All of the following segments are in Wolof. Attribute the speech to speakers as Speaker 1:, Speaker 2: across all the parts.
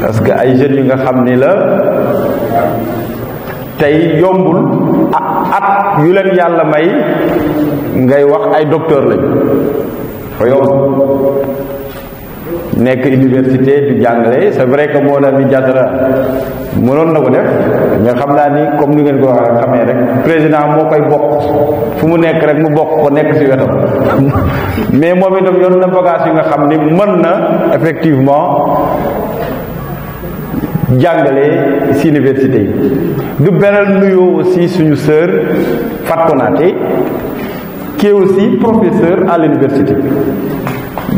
Speaker 1: parce que ay jeunes yu nga xam ni la tey yombul at yu leen yàlla may ngay wax ay docteur lañ fa yomb nekk université di jàngale c'est vrai que moo daal di jàddara mënoon na ko def nga xam naa ni comme ni ngeen ko waxee xamee rek président moo koy bokk fu mu nekk rek mu bokk ko nekk ci wetam mais moom itam yoon na bagage yu nga xam ni mën na effectivement jangale ci université yi du beral nuyo aussi suñu sœur fatonaté qui est aussi professeur à l'université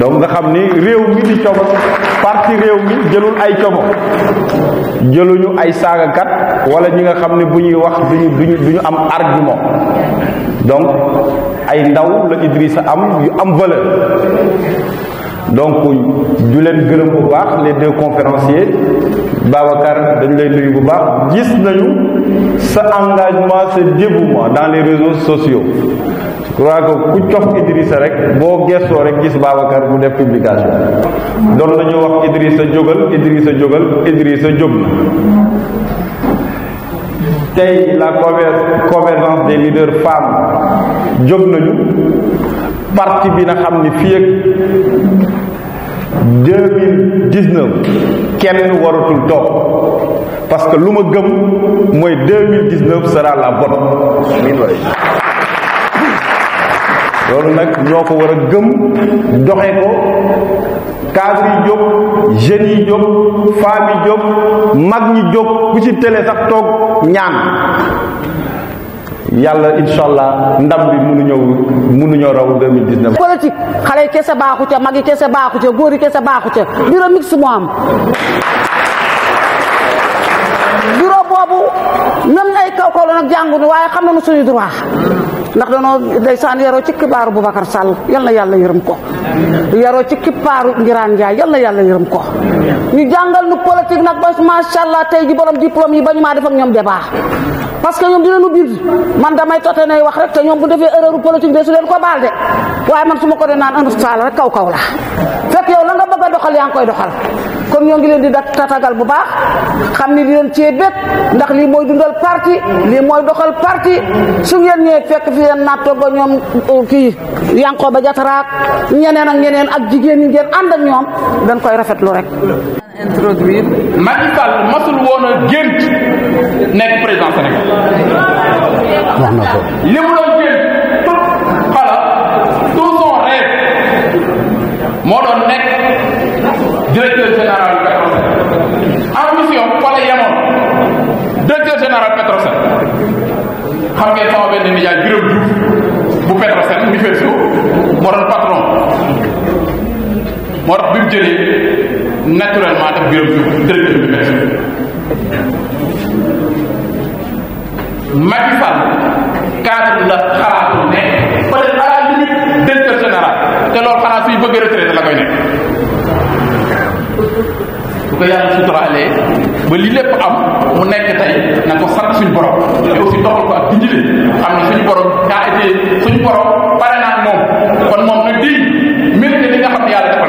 Speaker 1: donc nga xamni rew mi di como parti rew mi jëlul ay como jëluñu ay kat wala ñi nga xamni buñuy wax duñu duñu duñu am argument donc ay ndaw la Idrissa am yu am valeur donc du leen gërëm bu baax les deux conférenciers Babacar dañ lay nuyu bu baax gis nañu sa engagement sa dévouement dans les réseaux sociaux je crois que ku cof Idrissa rek boo gestoo rek gis Babacar mu def publication doon nañu wax Idrissa jógal Idrissa jógal Idrissa jóg na tey la convergence des leaders femmes jóg nañu parti bi na xam ni fii ak deux mille dix kenn waratul toog parce que lu ma gëm mooy deux mille dix neuf sera la loolu nag ñoo ko war a gëm doxe ko cadre yi jóg jeunes jóg femmes jóg mag ñi jóg ku ci télé sax toog ñaan. yalla inshallah allah ndam bi munu ñëw munu ñoo raw 2019.
Speaker 2: politique xalé kessa baxu baaxu ca mag yi kese baaxu ca góor yi kese ca bureau mix mo
Speaker 3: am bureau bobu ñoom ay kaw kaw nak jangunu waye xam nañu suñu droit ndax danoo ndeysaan yaro ci kibaaru Boubacar Sall yalla yalla yàlla ko yaro ci kibaru ngiran Njaay yalla yalla yàlla ko ñu jangal nu politique nak ba sha allah tay ji borom diplôme yi ba def ak ñom débat parce que ñoom dinañu bind man damay toté nay wax rek té ñom bu défé erreur politique de su leen ko bal dé waye man suma ko dé naan andu sala rek kaw kaw la fék yow la nga bëgg doxal yaang koy doxal kon ñoo ngi leen di tatagal bu baax xamni ni di leen cee bét ndax li moy dundal parti li moy doxal parti su ngeen ñé fék fi yeen natto ñom ki yaang ko ba jatarak ñeneen ak ñeneen ak jigéen ñi ngeen and ak ñom dañ koy lu rek
Speaker 4: introduire Macky Sall masul woon a gént président Sénégal. wax na ko li mu doon tout xala tout son rêve moo doon nekk directeur général Petrosen ambition fa la yemoon directeur général Petrosen xam ngeen sama benn nijaay Birame Diouf bu Petrosen Universo moo doon patron moo tax bi mu jëlee. naturellement daf biiram jub dërëjëf bi métti. Macky Sall cadre la xalaatul ne peut-être à la limite directeur général te loolu xanaa suy bëgg retraité la koy nekk. bu ko yàlla suturaalee ba li lépp am mu nekk tey na ko sant suñu borom mais aussi ko ak tijjile xam ne suñu borom daa été suñu borom pare naa moom kon moom na di mérite li nga xam ne yàlla dafa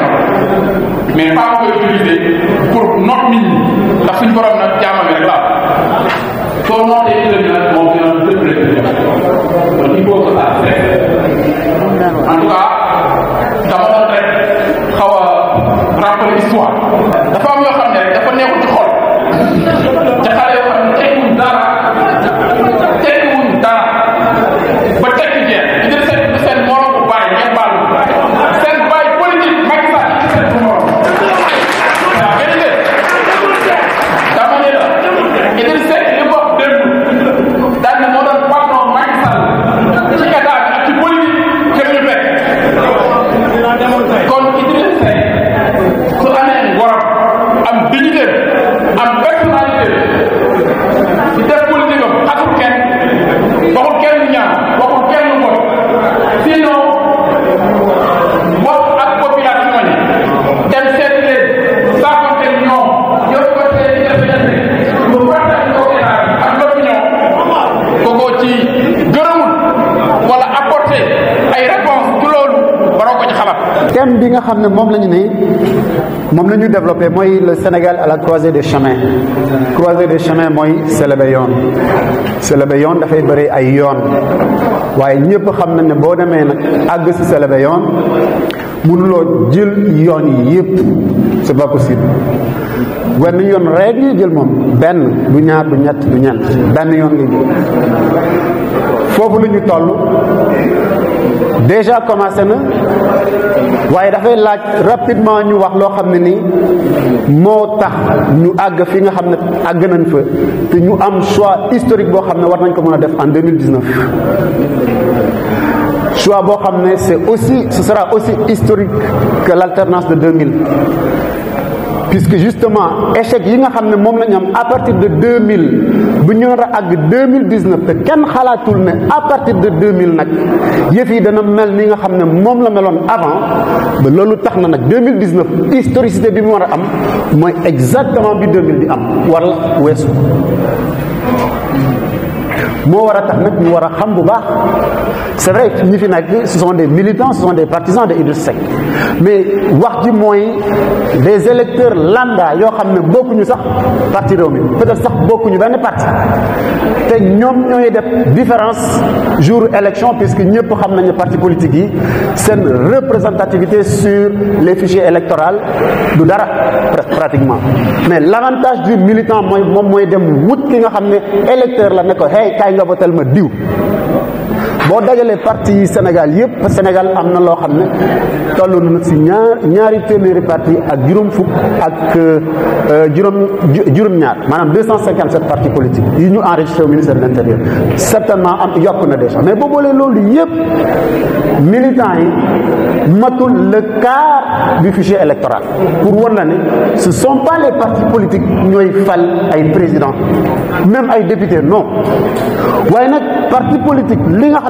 Speaker 3: mom lañu ñu développé mooy le Sénégal à la croisée des chemins croisée des chemins moy selebe yoon selebe yoon dafay bëri ay yoon waye ñëpp xam nañ ne boo demee nag àgg si selebe yoon mënuloo jël yoon yi yëpp c'est pas possible wenn yoon rek ngay jël moom benn du ñaar du ñett du ñeent benn yoon ngay jël foofu la ñu tollu déjà commencé na waaye dafay laaj rapidement ñu wax loo xam ne ni moo tax ñu àgg fi nga xam ne àgg nañ fa te ñu am choix historique boo xam ne war nañ ko mën a def en 2019 choix boo xam ne c'est aussi ce sera aussi historique que l'alternance de 2000 puisque justement échec yi nga xam ne la à partir de 2000 bu ñu a 2019 te kenn xalaatul ne à partir de 2000 nag yëf yi dana mel ni nga xam ne moom la meloon avant ba loolu tax na nag 2019 historicité bi mu war a am mooy exactement bi 2000 di am wala weesu c'est vrai que ce sont des militants ce sont des partisans de Idriss Seck mais wax du les des électeurs lambda ils ont ne bokkuñu sax parti peut-être sax bokkuñu ne parti Et ñoom ñooy des différence jour élection puisque ñëpp xam nañu parti politique c'est une représentativité sur les fichiers électoraux du dara pratiquement mais l'avantage du militant c'est que mooy dem wut ki nga électeur la hey kaay nga votel Bon, dajalee parti partis Sénégal yëpp Sénégal am na loo xam ne toll na si ñaar ñaari téeméeri parti ak juróom fukk ak 257 euh, partis politiques nous ont enregistré au ministère de l'intérieur intérieur certainement am yokk na déjà mais boo boolee loolu yëpp militants yi matul le quart du fichier électoral pour war ce ne ce sont pas les partis politiques ñooy fal ay président même ay député non waaye nag parti politique li nga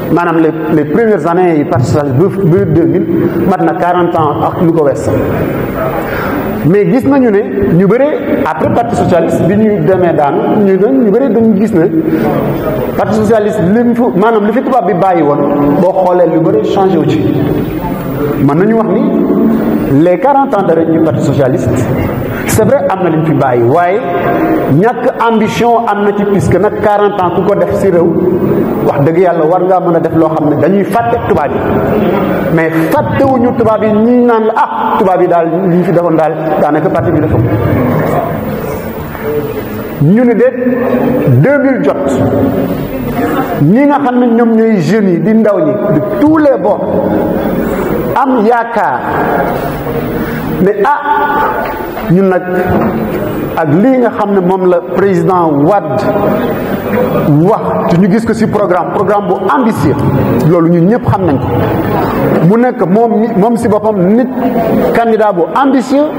Speaker 3: les premières années yi parti socialiste 2000 maintenant 40 ans nous lu mais gis nañu parti socialiste bi ñu demee daan ñu parti socialiste li fi changé ci ni les 40 ans de du parti socialiste c'est vrai am liñ fi bàyyi waye ñak ambition amna ci puisque nak 40 ans ku ko def ci rew wax deug yalla war nga mën def lo xamne dañuy faté tuba bi mais faté wuñu tuba bi ñi naan la ah tuba bi dal li fi defon dal danaka parti bi dafa ñu ni déet 2000 jot ñi nga xamne ñom ñoom jeune di ndaw ñi de tous les bords am yaakaar ne ah ñun nag ak lii nga xam ne moom la président Wade wax te ñu gis ko si programme programme bu ambitieux loolu ñu ñëpp xam nañ ko mu nekk moom si boppam nit candidat bu ambitieux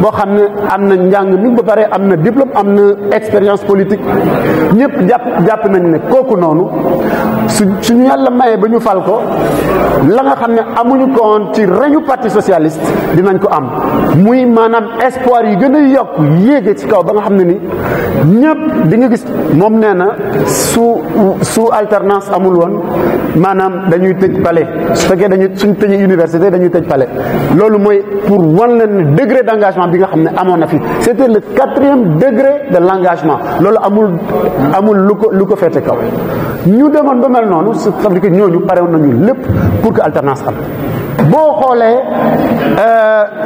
Speaker 3: boo xam ne am na njàng mi ba pare am na diplôme am na expérience politique ñëpp jàpp jàpp nañ ne kooku noonu su suñu yàlla mayee ba ñu fal ko la nga xam ne amuñu ko ci reñu parti socialist dinañ ko am muy maanaam espoir yi gën a yokk yéege ci kaw ba nga xamné ni ñëpp di nga gis mom néna na su su alternance amul won manam dañuy tëj palais su fekkee dañuy suñ tëjee université dañuy tëj palais lolu moy pour wan leen ni degré d'engagement bi nga xamné ne fi c'était était le quatrième degré de l'engagement lolu amul amul lu ko lu ko féete kaw ñu demoon ba mel nonu ça veut dire que ñooñu pare woon nañu lépp pour que alternance am bo xolé euh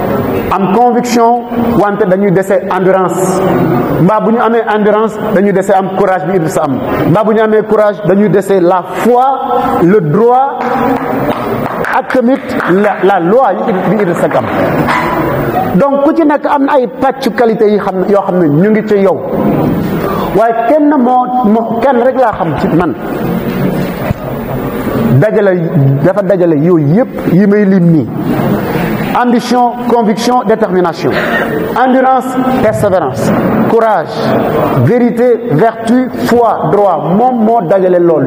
Speaker 3: am conviction wante dañuy dese endurance mbaa bu ñu amee endurance dañuy dese am courage bi Idrissa am mbaa bu ñu amee courage dañuy dese la foi le droit ak tamit la la loi bi Idrissa am donc ku ci nekk am na ay pàccu qualité yi xam yoo xam ne ñu ngi ci yow waaye kenn moo moo kenn rek laa xam ci man dajale dafa dajale yooyu yëpp yi may lim nii ambition, conviction, détermination, endurance, persévérance, courage, vérité, vertu, foi, droit, mot, mot dajale lol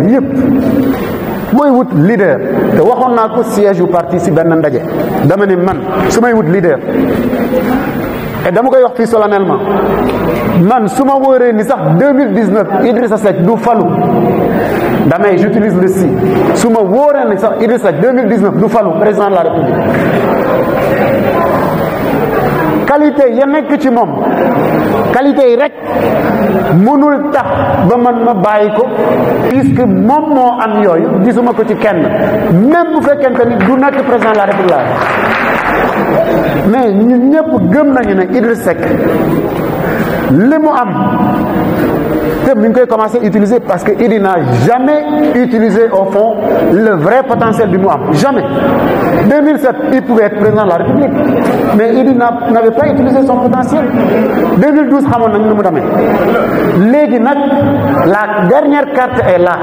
Speaker 3: Moi, je suis leader te suis naa siège parti si man leader et dama koy wax solennellement man ni 2019 Idrissa Seck nous falu j'utilise le si su leader. ni 2019 nous falu président de la République qualité ya nekk ci moom qualité yi rek mënul tax ba man ma bàyyi ko puisque moom moo am yooyu gisuma ko ci kenn même bu fekkente nit du nekk président de la république mais ñun ñëpp gëm nañu ne Idriss Seck Le moham que te a commencé à utiliser parce qu'il n'a jamais utilisé au fond le vrai potentiel du Moham. jamais 2007 il pouvait être président de la République mais il n'avait pas utilisé son potentiel 2012 la dernière carte est là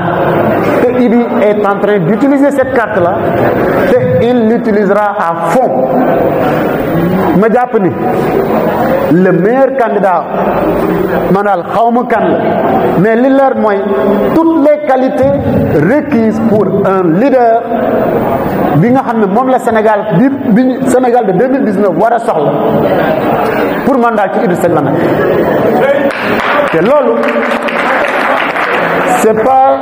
Speaker 3: et il est en train d'utiliser cette carte là et il l'utilisera à fond ma jàpp ni le meilleur candidat man daal xaw kan la mais li leer mooy toutes les qualités requises pour un leader bi nga xam ne moom la Sénégal bi Sénégal de 2019 war a soxla pour man daal ci Idrissa Seck la c'est pas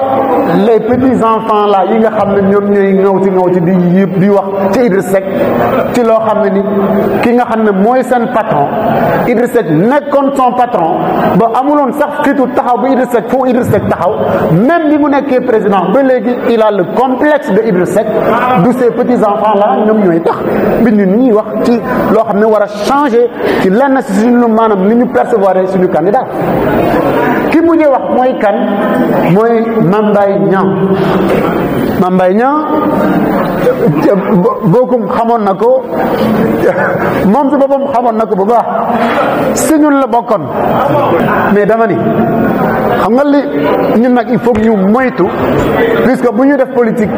Speaker 3: les petits enfants là yi nga ñom ne ci ils di yeb di wax Idriss Seck patron Idriss Seck pas son patron ba amuloon sax tout taxaw Idriss Seck Idriss Seck même bi mu président il a le complexe de Idriss Seck ces petits enfants là ñom ñoy tax de ni wax ci lo changer ci ni ñu percevoir candidat ki mujj wax mooy kan mooy Mame Mbaye Niang Mame Mbaye bokkum xamoon na ko moom ci boppam xamoon na ko bu baax si ñun la bokkoon mais dama xam nga li ñun il faut ñu moytu puisque bu politique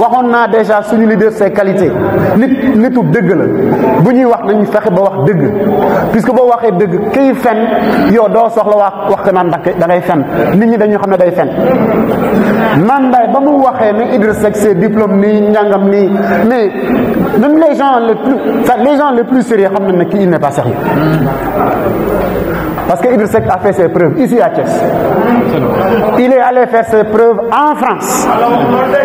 Speaker 3: waxoon naa déjà suñu leader ses qualités nit nitu dëgg la bu ñuy wax nañu fexe ba wax puisque soxla wax wax da ngay nit ñi dañu ne man ba mais même les gens les plus les gens les plus sérieux xam ne pas sérieux parce que Idriss a fait ses preuves ici à Thiès. Il est allé faire ses preuves en France.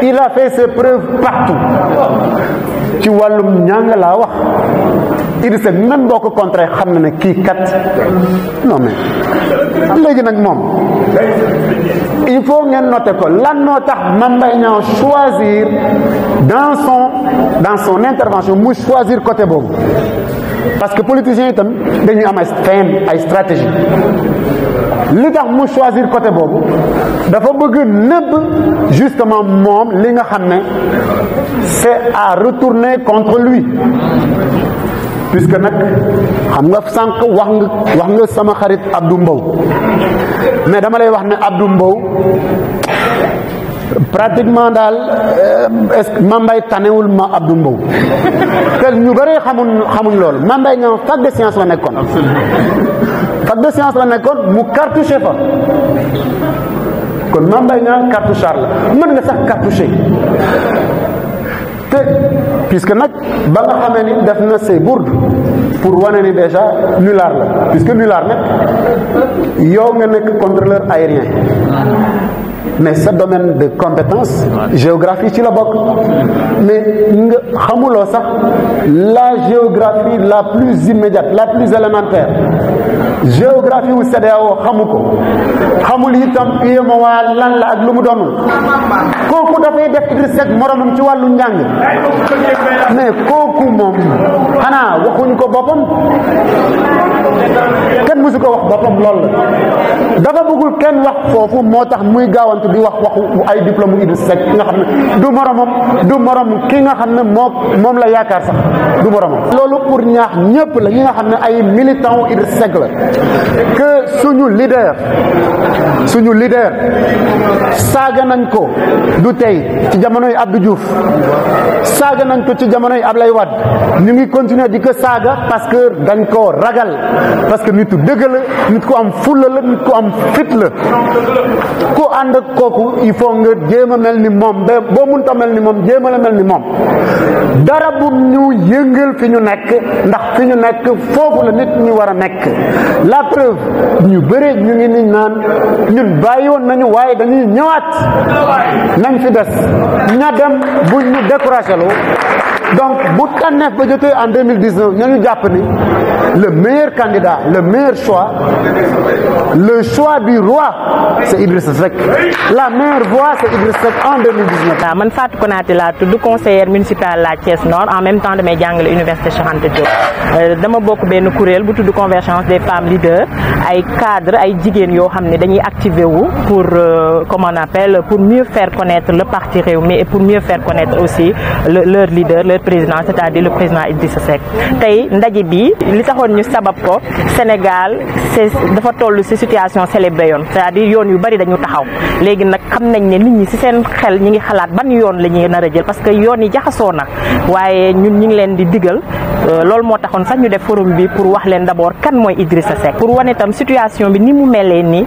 Speaker 3: Il a fait ses preuves partout. vois le ñàng là wax sait même boo ko beaucoup xam na ne kat non mais il faut que noter ko que la notation même choisir dans son dans son intervention nous choisir côté bon? parce que politiciens tam dañuy am stratégie tax choisir côté dafa bëgg justement c'est à retourner contre lui puisque nak xam nga Wang wax nga wax Abdou mais dama lay Abdou pratiquement dal est euh, Mambay tanewul ma Abdou Mbow te ñu bari xamun xamuñ lool Mambay ñoom fac de science la nekkoon fac de science la nekkoon mu cartouché fa kon Mambay ñaa cartouchard la mën nga sax cartouché te puisque nak ba nga xamé ni def na say bourde pour wane ni déjà nular la puisque nular nag yow nga nek contrôleur aérien mais ce domaine de compétence géographie tu la beaucoup. mais nga sax la géographie la plus immédiate la plus élémentaire géographie ou c'est xamuko xamul itam iya wa lan la ak lumu mu koku da fay def risque Seck moromam ci walu njang mais koku mom ana waxuñ ko bopam kenn musu ko wax boppam lool dafa bëggul kenn wax fofu motax muy gaawantu di wax waxu ay diplôme ibn sek nga xamne du moromam du morom ki nga xamne ne mom la yaakaar sax du moromam lolou pour ñaax ñepp la ñi nga xamne ay militant ibn sek la que suñu leader suñu leader saga nañ ko du tay ci jamono abdou diouf saga nañ ko ci jamono ablay wad ñu ngi continuer di ko saga parce que dañ ko ragal parce que nitu deug nit ko am fulla la nit ko am fit la ku ànd ak koku il faut nga jema melni mom bo moom ta melni mom jema la melni mom dara bu ñu yëngël fi ñu nekk ndax fi ñu nekk foofu la nit ñi wara nekk la preuve ñu bëre ñu ngi ni na naan ñun bàyyi nañu waaye dañuy ñëwaat nañ fi des ña dem buñ ñu découragé loo donc bu tànneef ba jotee en 2019 ñu jàpp ni le meilleur candidat le meilleur choix le choix du roi c'est Idrissa Seck
Speaker 2: la meilleure voix c'est Idrissa Seck en 2019. waaw ah, man Fatou Konaté laa tudd conseillère municipale la Thiès Nord en même temps damay jàngale université Cheikh Anta Diop euh, dama bokk benn kuréel bu tudd convergence des femmes leaders ay cadres ay jigéen yoo xam dañuy activer wu pour euh, comment on appelle pour mieux faire connaître le parti Rewmi et pour mieux faire connaître aussi leur leader leur président c'est-à-dire le président Idrissa Seck tay ndaje bi li taxone ñu sabab ko Sénégal c'est dafa tollu ci situation célébré yoon c'est-à-dire yoon yu bari dañu taxaw légui nak xam nañ ne nit ñi ci seen xel ñi ngi xalaat ban yoon la ñuy a jël parce que yoon yi jaxasoo na waaye ñun ñi ngi leen di digal euh, lool mo taxone sax ñu def forum bi pour wax leen d'abord kan moy Idrissa Seck pour wane tam situation bi ni mu melee ni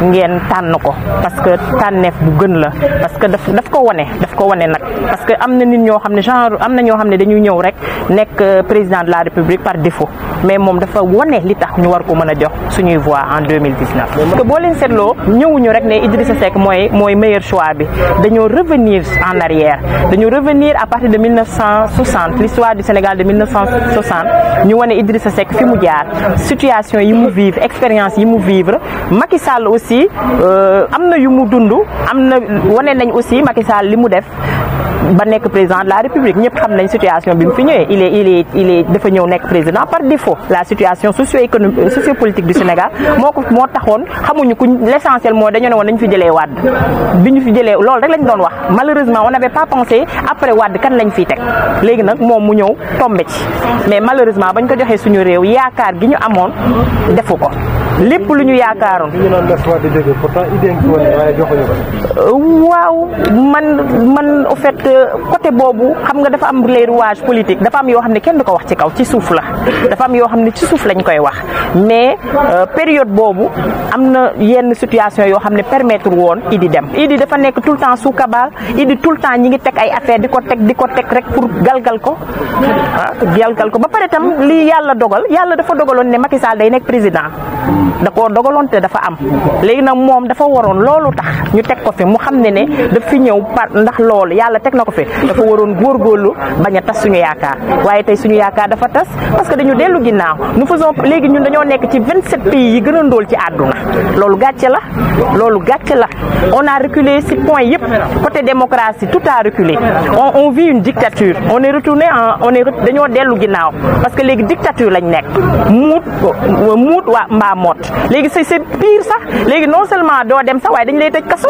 Speaker 2: ngeen tànn ko parce que tànneef bu gën la parce que daf daf ko wane daf ko wane nag parce que am na nit ñoo xam ne genre am na ñoo xam ne dañuy ñëw rek nekk euh, président de la république par défaut mais moom dafa wane li tax ñu war ko mën a jox suñuy voix en 2019 parce que boo leen seetloo ñëwuñu rek ne Idrissa Seck mooy mooy meilleur choix bi dañoo revenir en arrière dañoo revenir à partir de 1960 l'histoire du Sénégal de 1960 ñu wane Idrissa Seck fi mu jaar situation yi mu vivre expérience yi mu vivre Macky Sall aussi aussi euh, am na yu mu nañ aussi Macky Sall li def ba nek président de la République ñëpp xam nañ situation bi mu fi ñëwee il est il est il est dafa ñëw nek président par défaut la situation socio-économique socio-politique du Sénégal moko mo taxone xamuñu ku l'essentiel mo dañu ne woon dañu fi jëlee wad biñu fi jëlee lool rek lañ doon wax malheureusement on n'avait pas pensé après wad kan lañ fi teg légui nak mom mu ñëw tombé ci mais malheureusement bañ ko joxé suñu réew yaakar gi ñu amone defuko lépp lu ñu yaakaaroon. waaw man man au fait côté boobu xam nga dafa am les rouages dafa am ne kenn du wax ci kaw ci la dafa am ne ci suuf lañ koy wax mais euh, période boobu am yenn situation yoo xam ne permettre woon Idi dem Idi dafa tout le temps sous cabale Idi tout le temps ñi ngi ay affaire di ko teg rek pour ah, galgal ko ba pare tam li yàlla dogal yàlla dafa dogaloon ne Macky Sall day président da ko dogaloon te dafa am léegi nag moom dafa waroon loolu tax ñu tek ko fi mu xamné né da fi ñew ndax loolu yalla tek nako fi dafa waroon góorgóorlu bañ baña tass suñu yaakaar waaye tay suñu yaakaar dafa tass parce que dañu dellu ginnaw nous faisons légui ñun dañoo nekk ci 27 pays yi gëna ndol ci aduna loolu gatché la loolu gatché la on a reculé si point yépp côté démocratie tout a reculé on on vit une dictature on est retourné en on est dañoo dellu ginnaw parce que légui dictature lañ nekk muut muut wa mbaa mort c'est c'est pire ça. léegi non seulement do dem sax way dañ lay tej kasso.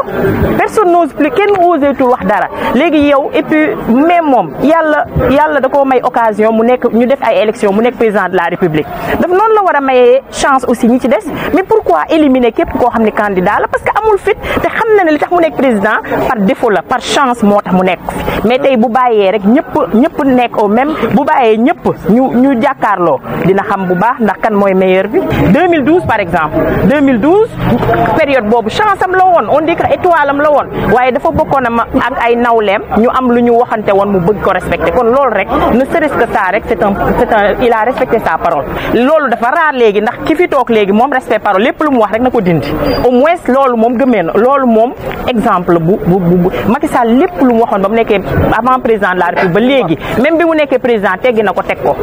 Speaker 2: personne n'ose plus ose oseetul wax dara léegi yow et puis même mom yalla yalla da ko may occasion mu nek ñu def ay élection mu nek président de la république daf non la wara a chance aussi ñi ci dess. mais pourquoi éliminer képp ko xamni candidat la parce que amul fit te xamna na li tax mu nek président par défaut la par chance motax mu nek. mais tay bu bayé rek ñëpp ñëpp nek au même bu bayé ñëpp ñu ñu jàkkaarloo dina xam bu baax ndax kan moy meilleur bi 2012 par exemple 2012 période bobu chance am la on dit que étoile am la Ouais, de dafa bokone ak ay nawlem ñu am lu ñu waxante woon mu bëgg ko respecter kon lool rek ne serait-ce que ça rek c'est un c'est un il a respecté sa parole loolu dafa raar légui ndax ki fi toog léegi moom respect parole lepp lu mu wax rek nako dindi au moins loolu mom gëmee na loolu mom exemple bu bu bu Macky Sall lepp lu mu waxon bam mu avant président de la République ba légui même bi mu nekkee président teggi na ko teg ko